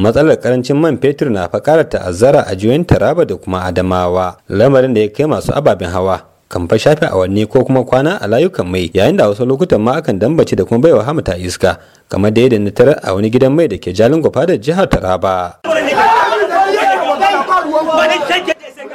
matsalar karancin man fetur na fakara ta'azzara a juyin taraba da kuma adamawa lamarin da ya kai masu ababen hawa kan fa shafe awanni ko kuma kwana a layukan mai yayin da wasu lokutan ma akan dambace da kuma baiwa hamata iska kamar da yadin na tarar a wani gidan mai da ke jalin gwafa da jihar taraba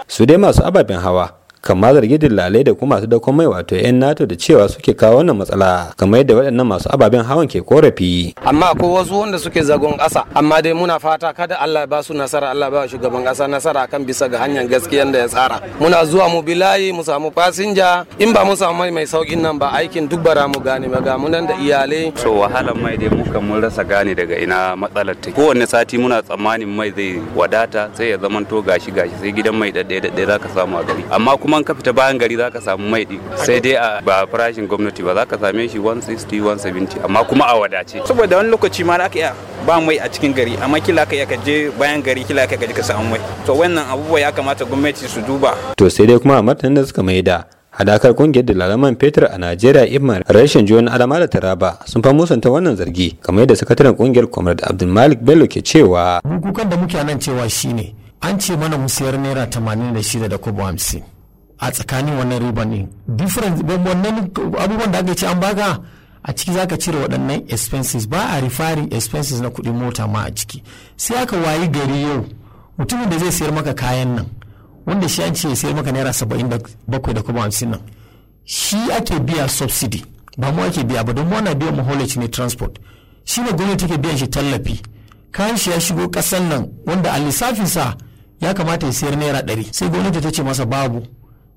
su dai masu ababen hawa kama zargi dillalai da kuma su dakon mai wato 'yan nato da cewa suke kawo wannan matsala kamar yadda waɗannan masu ababen hawan ke korafi amma akwai wasu wanda suke zagon ƙasa amma dai muna fata kada Allah ya ba su nasara Allah ba shugaban ƙasa nasara kan bisa ga hanyar gaskiya da ya tsara muna zuwa mu bilayi mu samu fasinja in ba mu samu mai mai saukin nan ba aikin duk bara mu gane ba ga mu nan da iyalai so wahalar mai dai muka mun rasa gane daga ina matsalar ta kowanne sati muna tsammanin mai zai wadata sai ya zamanto gashi gashi sai gidan mai daɗe daɗe zaka samu a gari amma kuma ka fita bayan gari za ka samu mai ɗin sai dai a ba farashin gwamnati ba za ka same shi 160 170 amma kuma a wadace saboda wani lokaci ma za ka iya ba mai a cikin gari amma kila ka iya ka je bayan gari kila ka je ka samu mai to wannan abubuwa ya kamata gwamnati su duba to sai dai kuma a martanin da suka da hadakar kungiyar dalalaman fetur a najeriya imar rashin juwan adama da taraba sun fa musanta wannan zargi kamar yadda sakataren kungiyar comrade abdulmalik bello ke cewa kukan da muke nan cewa shine an ce mana mu sayar naira 86 da kobo 50 a tsakanin wannan riba ne difference wannan abubuwan da aka ce an baka a ciki zaka cire waɗannan expenses ba a referring expenses na kuɗin mota ma a ciki sai aka wayi gari yau mutumin da zai sayar maka kayan nan wanda shi an ce sayar maka naira saba'in da bakwai da kuma hamsin nan shi ake biya subsidy ba mu ake biya ba don mu ana biyan haulage ne transport shi ne gwamnati take biyan shi tallafi kayan shi ya shigo ƙasan nan wanda a lissafinsa ya kamata ya sayar naira ɗari sai gwamnati ta ce masa babu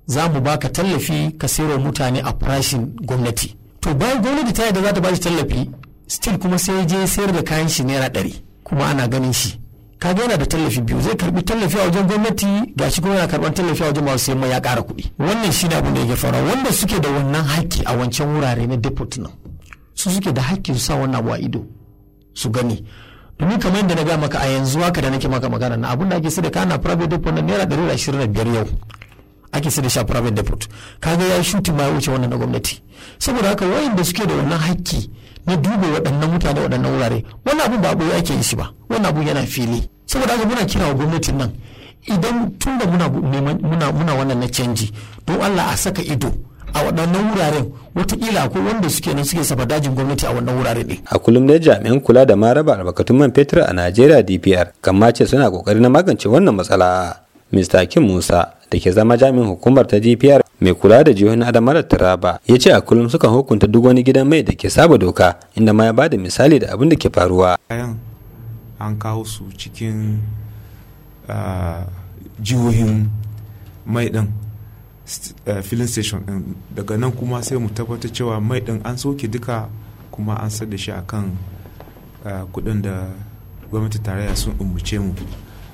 za mu baka tallafi ka sayarwa mutane a farashin gwamnati to bayan gwamnati ta yadda za ta bashi tallafi still kuma sai je sayar da kayan shi naira ɗari kuma ana ganin shi ka yana da tallafi biyu zai karbi tallafi a wajen gwamnati ga shi kuma yana karban tallafi a wajen masu sayan ya ƙara kuɗi wannan shi ne abin da yake faruwa wanda suke da wannan haƙƙi a wancan wurare na depot nan su suke da haƙƙi su sa wannan abu a ido su gani domin kamar yadda na ga maka a yanzu haka da nake maka magana na abin da ake sai da kana private deport na naira ɗari da ashirin da biyar yau ake sai da shi a private deport kaga ya shuti ma ya wuce wannan na gwamnati saboda haka wayanda suke da wannan hakki na duba waɗannan mutane waɗannan wurare wannan abun ba ɓoye ake yi shi ba wannan abun yana fili saboda haka muna kira wa gwamnatin nan idan tun da muna, muna, wannan na canji don allah a saka ido a waɗannan wuraren watakila akwai wanda suke nan suke saba dajin gwamnati a wannan wurare ne. a kullum dai jami'an kula da maraba albarkatun man fetur a najeriya dpr kan ce suna kokari na magance wannan matsala mr kim musa da ke zama jami'in hukumar ta DPR mai kula da jihohin Adamawa da Taraba ya ce a kullum sukan hukunta duk wani gidan mai da ke saba doka inda ma ya bada misali da abin da ke faruwa. Kayan an kawo su cikin jihohin mai din filin station din daga nan kuma sai mu tabbatar cewa mai ɗin an soke duka kuma an da shi a kan kuɗin da gwamnati tarayya sun umuce mu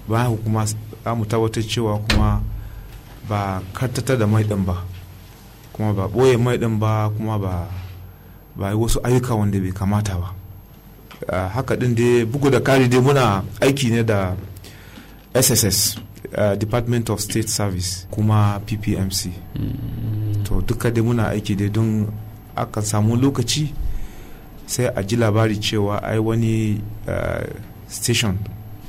ba kuma za mu tabbatar cewa kuma ba kartata da mai ɗin ba kuma ba ɓoye mai ɗin ba kuma ba ba yi wasu ayyuka wanda bai kamata ba haka ɗin dai bugu da kari dai muna aiki ne da sss department of state service kuma ppmc mm. to duka dai muna aiki dai don aka samu lokaci sai a ji labari cewa ai wani station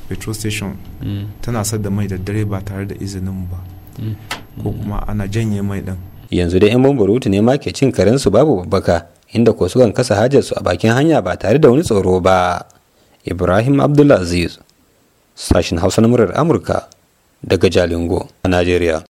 petrol station mm. tana sadda mai da dare ba tare da izinin ba ko kuma ana janye mai yanzu dai yan bambarutu ne ma ke cin su babu babbaka inda ko sukan kasa su a bakin hanya ba tare da wani tsoro ba ibrahim abdulaziz sashin hausa na murar amurka daga jalingo a najeriya